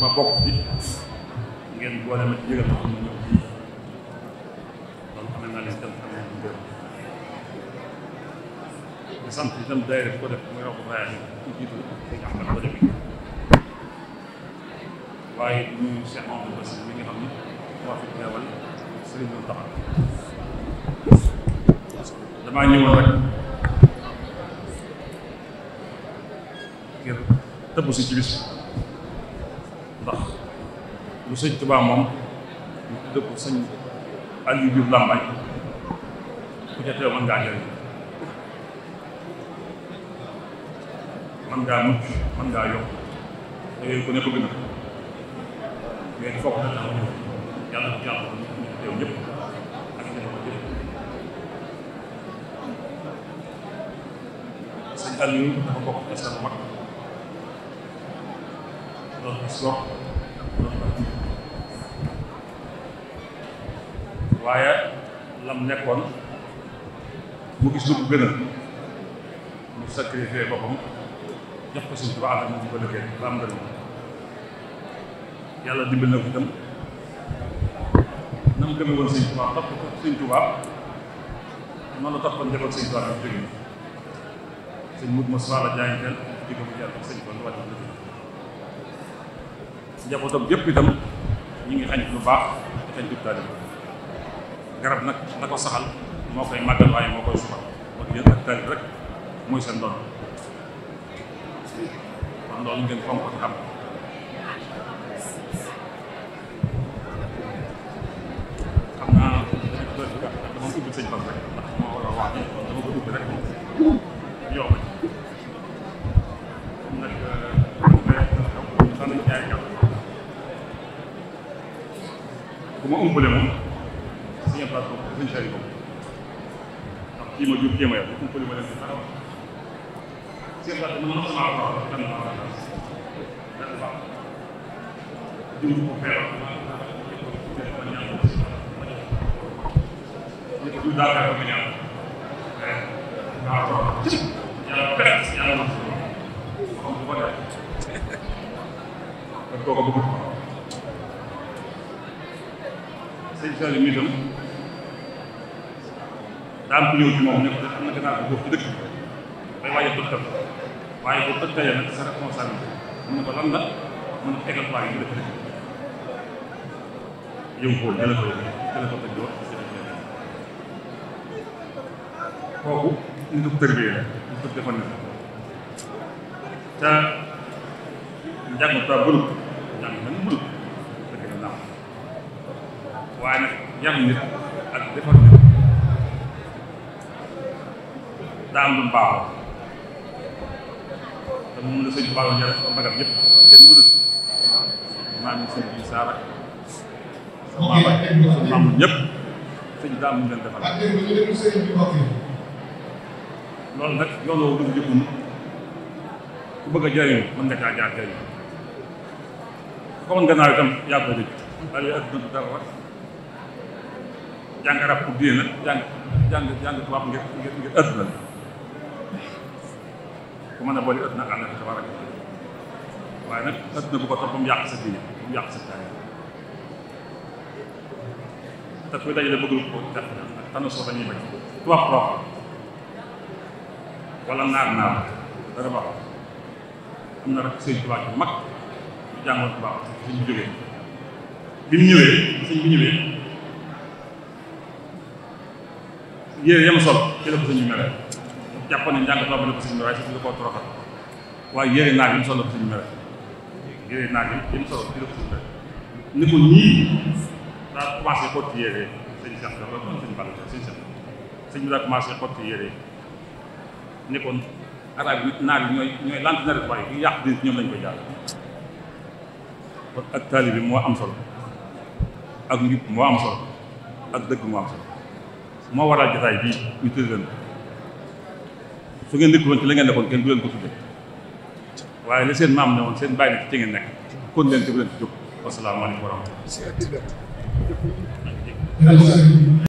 ma bokk ci ngeen boole ma ci yëgal ma xam ne ñoom sant itam daayira bu ko muy roq bayaat yi ku jiitu dañ axmat waaye ñuy Cheikh Mamadou Bass mi nga xam ni moo fi teewal Sëriñ Mountakha damaa ñëwoon rek ngir tëbb si ci bis ndax lu sëñ Tuubaa moom ñu tudd ko sëñ Aliou Diouf Lambaye ku ca teew mën ngaa jëriñ man ngaa mucc man ngaa yokk da ngeen ko ne bëgg na ngeen foog na am yàlla ko jàpp ñu teew ñëpp ak ñu dafa bokk ci seen loolu la soog loolu la waaye lam nekkoon mu gis lu ko gën a mu sacrifié boppam jox ko suñu tubaab mu di ko liggéey ba am yàlla dimbal na ko itam na mu gëmee woon suñu tubaab topp ko suñu tubaab noonu la toppoon njaboot suñu tubaab bi jógee sëñ Mourou Moussa la jaayanteel di ko bu jàll sëñ kon itam ñu ngi xañ lu baax di xañ jub daal garab nag na ko saxal moo koy màggal waaye moo koy suxal moo yéen ak taalib rek mooy seen doon loolu ngeen fonk ko xam xam naa dama ubbi sëñ Fall rek ndax moo war a wax dama ko ubbi rek moom yow nag danañ jaay kaw ku ma umbale moom sëñ Fall ko sëñ Sari ko ndax kii ma jur kii ma yar umbale ma leen dara sëñ Ba dama mën a xamal ko dama mën a xamal dama baax jiw ko feebar jiw daa feebar nga ñaan naa ko yàlla perte yàlla na xam bu ko def kon kooku bëgg ko sëñ Sall mi itam daan ko ñëw ci moom ne ko am na gannaaw bu góob ci dëkk waaj a tëkkal waaye bu tëkkalee nag sa responsabilité mun na lan la mun na ko eggal waa yi def yow ko jëlee ko jëlee ko tëj kooku ñu ko tërbiyee ñu ko defoon ne te njàng ta bëlut njàng nag bëlut dëgg la naam waaye nag yar nit ak defar nit daa am lu baaxoo moom la sëñ Tuubaa doon yore magam yëpp kenn wutatu maam yi sëñ bi saara maam ak sëñ daam mu leen defal loolu nag yoon woowu dafa jëkkoon ku bëgg a jëriñu mën nga caa jaar jëriñu kon gannaaw itam yaa ko dëj daal ak dund dara rek jàng arab pour diine jàng jàng jàng tubaab ngir ngir ngir àdduna ku mën a boole adduna ak àllaaxira tabaaraka waaye nag adduna bu ko topp mu yàq sa diine ba mu yàq sa taay te kuy dajale bëggul ak tànn soo dañuy bañ trop am na rek sëñ tubaab bu mag ñu jàngoon tubaab suñ bi jógee bi mu ñëwee sëñ bi ñëwee yére yam sol ci la ko sëñ jàppoon ne njàng toog na ko sëñ bi waaye sëñ bi koo toroxal waaye yére naag yi mu solo ko sëñ bi rek yére naag yi solo ko sëñ bi rek ni ko ñii daa commencé xotti yére sëñ Cheikh dafa doon sëñ Balla bi ni kon arab yi ñooy ñooy lant naret waaye bu yàq din ñoom lañ koy jaar kon ak taalibe moo am solo ak njub moo am solo ak dëgg moo am solo moo waral jotaay bii ñu tëdd su ngeen nekkoon ci la ngeen nekkoon kenn du leen ko tudde waaye la seen maam ne woon seen bàyyi ci ci ngeen nekk kon leen ci bu leen ci jóg wasalaamaaleykum wa rahmatulah